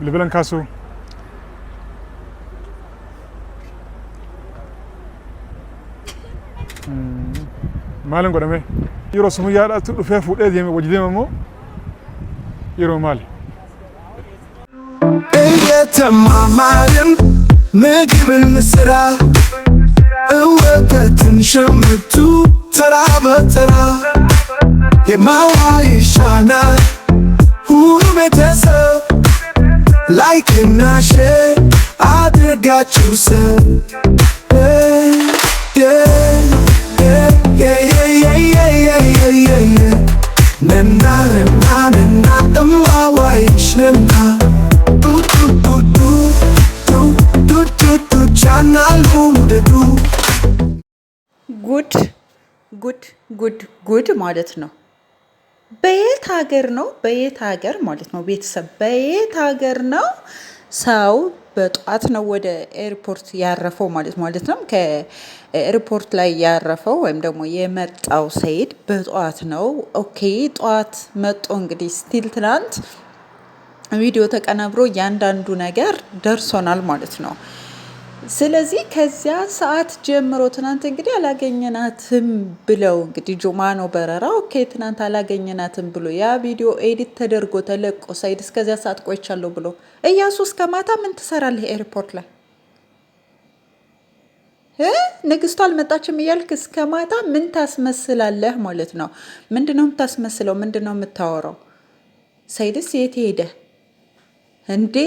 Libelen Kasu. maalin godhame yeroo sun yaadhatu dhufee fuudhee deeme wajji deeme immoo yeroo maali እየተማማርን ምግብን ስራ እወተትን ሸምቱ ተራ በተራ የማዋ ይሻናል ውብ ቤተሰብ ላይክና ሼር አድርጋችሁ ጉድ ጉድ ጉድ ጉድ ማለት ነው። በየት ሀገር ነው? በየት ሀገር ማለት ነው ቤተሰብ በየት ሀገር ነው ሰው በጠዋት ነው ወደ ኤርፖርት ያረፈው ማለት ማለት ነው። ከኤርፖርት ላይ ያረፈው ወይም ደግሞ የመጣው ሰይድ በጠዋት ነው። ኦኬ ጠዋት መጦ እንግዲህ ስቲል ትናንት ቪዲዮ ተቀናብሮ እያንዳንዱ ነገር ደርሶናል ማለት ነው። ስለዚህ ከዚያ ሰዓት ጀምሮ ትናንት እንግዲህ አላገኘናትም ብለው እንግዲህ ጁማ ነው በረራ ኦኬ፣ ትናንት አላገኘናትም ብሎ ያ ቪዲዮ ኤዲት ተደርጎ ተለቆ ሳይድ እስከዚያ ሰዓት ቆይቻለሁ ብሎ እያሱ እስከ ማታ ምን ትሰራለህ ኤርፖርት ላይ ንግስቱ አልመጣችም እያልክ እስከ ማታ ምን ታስመስላለህ ማለት ነው? ምንድነው የምታስመስለው? ምንድነው የምታወራው? ሳይድስ የት ሄደህ እንዴ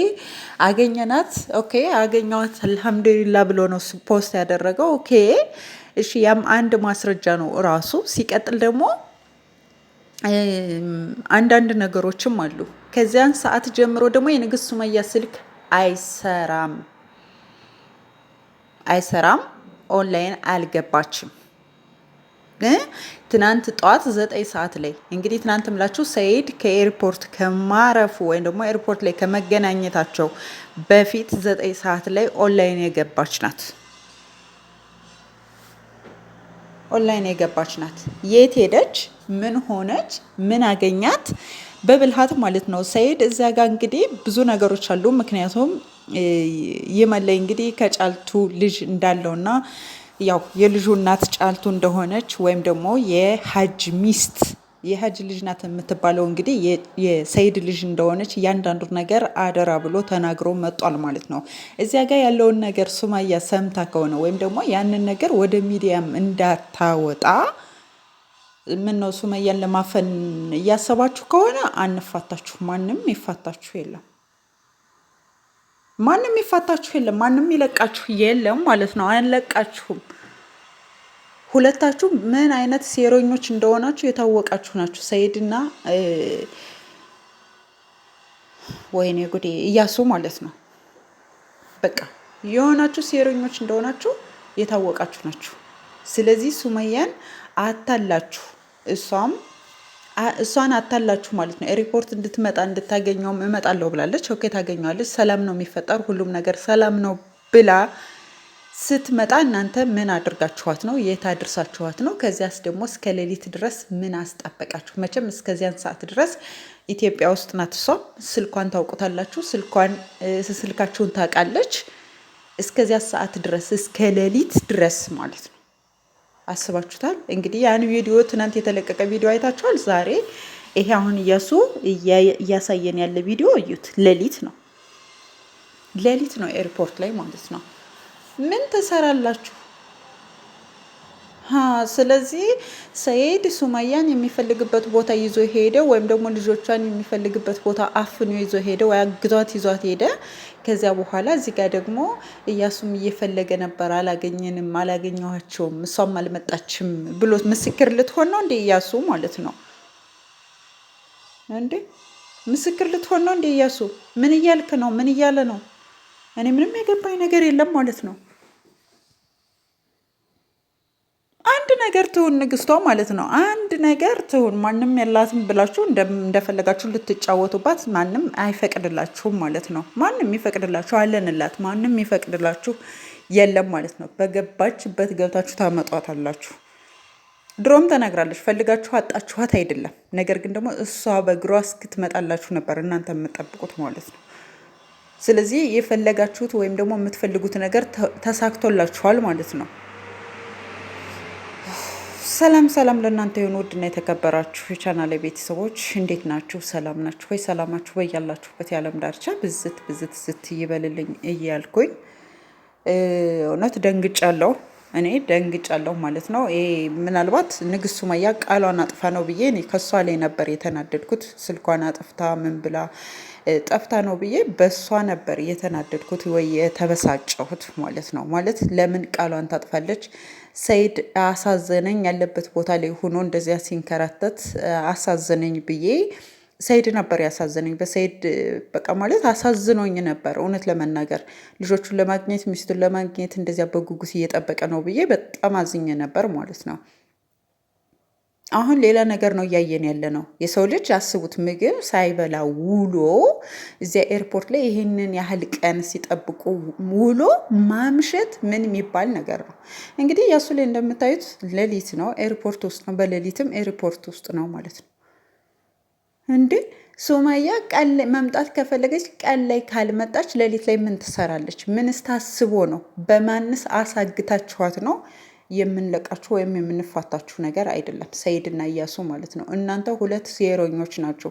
አገኘናት፣ ኦኬ አገኘዋት፣ አልሐምዱሊላ ብሎ ነው ፖስት ያደረገው። ኦኬ እሺ፣ ያም አንድ ማስረጃ ነው እራሱ። ሲቀጥል ደግሞ አንዳንድ ነገሮችም አሉ። ከዚያን ሰዓት ጀምሮ ደግሞ የንግስት ሱመያ ስልክ አይሰራም አይሰራም፣ ኦንላይን አልገባችም። ትናንት ጠዋት ዘጠኝ ሰዓት ላይ እንግዲህ ትናንት ምላችሁ ሰይድ ከኤርፖርት ከማረፉ ወይም ደግሞ ኤርፖርት ላይ ከመገናኘታቸው በፊት ዘጠኝ ሰዓት ላይ ኦንላይን የገባች ናት። ኦንላይን የገባች ናት። የት ሄደች? ምን ሆነች? ምን አገኛት? በብልሃት ማለት ነው። ሰይድ እዚያ ጋር እንግዲህ ብዙ ነገሮች አሉ። ምክንያቱም ይመለይ እንግዲህ ከጫልቱ ልጅ እንዳለውና ያው የልጁ እናት ጫልቱ እንደሆነች ወይም ደግሞ የሀጅ ሚስት የሀጅ ልጅ ናት የምትባለው እንግዲህ የሰይድ ልጅ እንደሆነች እያንዳንዱ ነገር አደራ ብሎ ተናግሮ መጧል ማለት ነው። እዚያ ጋር ያለውን ነገር ሱማያ ሰምታ ከሆነ ወይም ደግሞ ያንን ነገር ወደ ሚዲያም እንዳታወጣ ምን ነው ሱመያን ለማፈን እያሰባችሁ ከሆነ አንፋታችሁ፣ ማንም ይፋታችሁ የለም። ማንም ይፋታችሁ የለም፣ ማንም ይለቃችሁ የለም ማለት ነው። አንለቃችሁም። ሁለታችሁ ምን አይነት ሴረኞች እንደሆናችሁ የታወቃችሁ ናችሁ። ሰይድና ወይኔ ጉዴ እያሱ ማለት ነው። በቃ የሆናችሁ ሴረኞች እንደሆናችሁ የታወቃችሁ ናችሁ። ስለዚህ ሱመያን አታላችሁ እሷም እሷን አታላችሁ ማለት ነው። ሪፖርት እንድትመጣ እንድታገኘውም እመጣለሁ ብላለች። ኦኬ ታገኘዋለች። ሰላም ነው የሚፈጠር ሁሉም ነገር ሰላም ነው ብላ ስትመጣ እናንተ ምን አድርጋችኋት ነው? የት አድርሳችኋት ነው? ከዚያስ ደግሞ እስከ ሌሊት ድረስ ምን አስጠበቃችሁ? መቼም እስከዚያን ሰዓት ድረስ ኢትዮጵያ ውስጥ ናት እሷ። ስልኳን ታውቁታላችሁ፣ ስልኳን ስልካችሁን ታውቃለች። እስከዚያ ሰዓት ድረስ እስከ ሌሊት ድረስ ማለት ነው አስባችሁታል። እንግዲህ ያን ቪዲዮ ትናንት የተለቀቀ ቪዲዮ አይታችኋል። ዛሬ ይሄ አሁን እያሱ እያሳየን ያለ ቪዲዮ እዩት። ሌሊት ነው ሌሊት ነው ኤርፖርት ላይ ማለት ነው። ምን ትሰራላችሁ? ስለዚህ ሰይድ ሱማያን የሚፈልግበት ቦታ ይዞ ሄደ፣ ወይም ደግሞ ልጆቿን የሚፈልግበት ቦታ አፍኖ ይዞ ሄደ፣ ወይ አግዟት ይዟት ሄደ። ከዚያ በኋላ እዚህ ጋር ደግሞ እያሱም እየፈለገ ነበር። አላገኘንም፣ አላገኘኋቸውም፣ እሷም አልመጣችም ብሎ ምስክር ልትሆን ነው እንዴ? እያሱ ማለት ነው እንዴ? ምስክር ልትሆን ነው እንዴ? እያሱ ምን እያልክ ነው? ምን እያለ ነው? እኔ ምንም የገባኝ ነገር የለም ማለት ነው። አንድ ነገር ትሁን ንግስቷ ማለት ነው። አንድ ነገር ትሁን ማንም የላትም ብላችሁ እንደፈለጋችሁ ልትጫወቱባት ማንም አይፈቅድላችሁም ማለት ነው። ማንም ይፈቅድላችሁ አለንላት፣ ማንም ይፈቅድላችሁ የለም ማለት ነው። በገባችበት ገብታችሁ ታመጧት አላችሁ። ድሮም ተናግራለች፣ ፈልጋችሁ አጣችኋት አይደለም። ነገር ግን ደግሞ እሷ በእግሯ እስክትመጣላችሁ ነበር እናንተ የምጠብቁት ማለት ነው። ስለዚህ የፈለጋችሁት ወይም ደግሞ የምትፈልጉት ነገር ተሳክቶላችኋል ማለት ነው። ሰላም ሰላም ለእናንተ የሆኑ ውድና የተከበራችሁ የቻናል ቤተሰቦች እንዴት ናችሁ? ሰላም ናችሁ ወይ? ሰላማችሁ ወይ ያላችሁበት የዓለም ዳርቻ ብዝት ብዝት ዝት ይበልልኝ እያልኩኝ እውነት ደንግጫለሁ። እኔ ደንግጫለሁ ማለት ነው። ይሄ ምናልባት ንግስት ሱመያ ቃሏን አጥፋ ነው ብዬ እኔ ከእሷ ላይ ነበር የተናደድኩት። ስልኳን አጥፍታ ምን ብላ ጠፍታ ነው ብዬ በእሷ ነበር የተናደድኩት ወይ የተበሳጨሁት ማለት ነው። ማለት ለምን ቃሏን ታጥፋለች? ሰይድ አሳዘነኝ ያለበት ቦታ ላይ ሆኖ እንደዚያ ሲንከራተት አሳዘነኝ ብዬ ሰይድ ነበር ያሳዘነኝ። በሰይድ በቃ ማለት አሳዝኖኝ ነበር እውነት ለመናገር ልጆቹን ለማግኘት ሚስቱን ለማግኘት እንደዚያ በጉጉት እየጠበቀ ነው ብዬ በጣም አዝኝ ነበር ማለት ነው። አሁን ሌላ ነገር ነው እያየን ያለ ነው። የሰው ልጅ አስቡት፣ ምግብ ሳይበላ ውሎ እዚያ ኤርፖርት ላይ ይህንን ያህል ቀን ሲጠብቁ ውሎ ማምሸት ምን የሚባል ነገር ነው? እንግዲህ ያሱ ላይ እንደምታዩት ሌሊት ነው፣ ኤርፖርት ውስጥ ነው። በሌሊትም ኤርፖርት ውስጥ ነው ማለት ነው። እንዴ ሱማያ ቀን ላይ መምጣት ከፈለገች ቀን ላይ ካልመጣች ሌሊት ላይ ምን ትሰራለች? ምንስ ታስቦ ነው? በማንስ አሳግታችኋት ነው የምንለቃችሁ ወይም የምንፋታችሁ ነገር አይደለም። ሰይድና እያሱ ማለት ነው። እናንተ ሁለት ሴረኞች ናችሁ።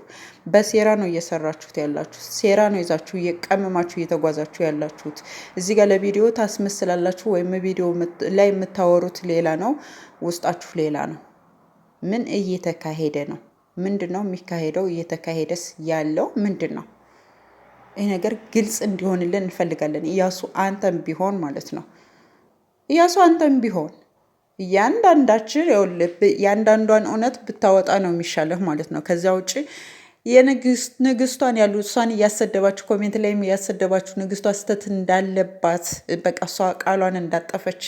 በሴራ ነው እየሰራችሁት ያላችሁት። ሴራ ነው ይዛችሁ እየቀመማችሁ እየተጓዛችሁ ያላችሁት። እዚህ ጋር ለቪዲዮ ታስመስላላችሁ፣ ወይም ቪዲዮ ላይ የምታወሩት ሌላ ነው፣ ውስጣችሁ ሌላ ነው። ምን እየተካሄደ ነው? ምንድን ነው የሚካሄደው? እየተካሄደስ ያለው ምንድን ነው? ይህ ነገር ግልጽ እንዲሆንልን እንፈልጋለን። እያሱ አንተም ቢሆን ማለት ነው። እያሱ አንተም ቢሆን እያንዳንዳችን የአንዳንዷን እውነት ብታወጣ ነው የሚሻለህ ማለት ነው። ከዚያ ውጭ ንግስቷን ያሉ እሷን እያሰደባችሁ ኮሜንት ላይም እያሰደባችሁ ንግስቷ ስህተት እንዳለባት በቃ እሷ ቃሏን እንዳጠፈች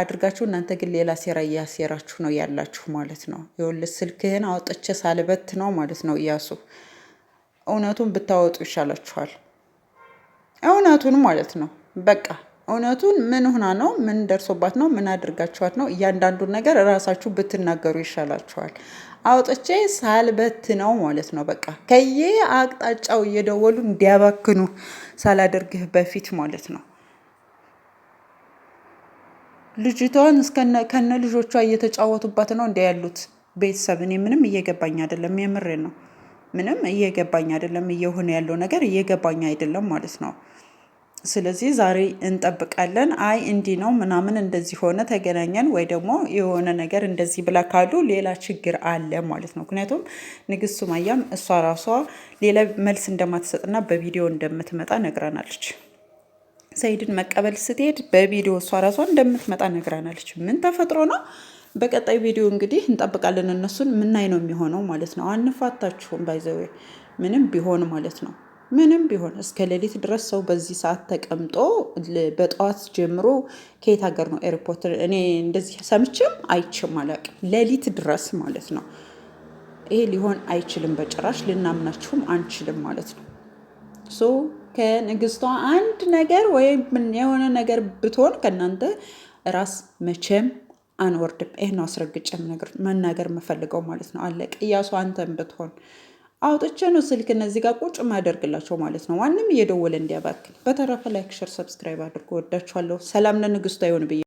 አድርጋችሁ እናንተ ግን ሌላ ሴራ እያሴራችሁ ነው ያላችሁ ማለት ነው። ይኸውልህ ስልክህን አውጥቼ ሳልበት ነው ማለት ነው እያሱ እውነቱን ብታወጡ ይሻላችኋል። እውነቱን ማለት ነው በቃ እውነቱን ምን ሁና ነው ምን ደርሶባት ነው ምን አድርጋችኋት ነው እያንዳንዱን ነገር እራሳችሁ ብትናገሩ ይሻላችኋል። አውጥቼ ሳልበት ነው ማለት ነው በቃ ከየ አቅጣጫው እየደወሉ እንዲያባክኑ ሳላደርግህ በፊት ማለት ነው። ልጅቷን ከነ ልጆቿ እየተጫወቱባት ነው እንዲ ያሉት ቤተሰብ። እኔ ምንም እየገባኝ አይደለም፣ የምሬ ነው። ምንም እየገባኝ አይደለም፣ እየሆነ ያለው ነገር እየገባኝ አይደለም ማለት ነው። ስለዚህ ዛሬ እንጠብቃለን። አይ እንዲህ ነው ምናምን እንደዚህ ሆነ ተገናኘን ወይ ደግሞ የሆነ ነገር እንደዚህ ብላ ካሉ ሌላ ችግር አለ ማለት ነው። ምክንያቱም ንግስት ሱመያም እሷ ራሷ ሌላ መልስ እንደማትሰጥና በቪዲዮ እንደምትመጣ ነግራናለች። ሰይድን መቀበል ስትሄድ በቪዲዮ እሷ ራሷ እንደምትመጣ ነግራናለች። ምን ተፈጥሮ ነው? በቀጣይ ቪዲዮ እንግዲህ እንጠብቃለን። እነሱን ምናይ ነው የሚሆነው ማለት ነው። አንፋታችሁም ባይዘዌ ምንም ቢሆን ማለት ነው። ምንም ቢሆን እስከ ሌሊት ድረስ ሰው በዚህ ሰዓት ተቀምጦ በጠዋት ጀምሮ ከየት ሀገር ነው ኤርፖርት? እኔ እንደዚህ ሰምቼም አይቼም አላውቅም። ሌሊት ድረስ ማለት ነው። ይሄ ሊሆን አይችልም በጭራሽ ልናምናችሁም አንችልም ማለት ነው። ከንግስቷ አንድ ነገር ወይም የሆነ ነገር ብትሆን ከእናንተ ራስ መቼም አንወርድም። ይህን ነገር መናገር የምፈልገው ማለት ነው። አለቀ። እያሱ አንተን ብትሆን አውጥቼ ነው ስልክ እነዚህ ጋር ቁጭ ማያደርግላቸው ማለት ነው። ዋንም እየደወለ እንዲያባክል። በተረፈ ላይክ፣ ሸር፣ ሰብስክራይብ አድርጎ ወዳችኋለሁ። ሰላም ለንግስቷ ይሆን ብዬ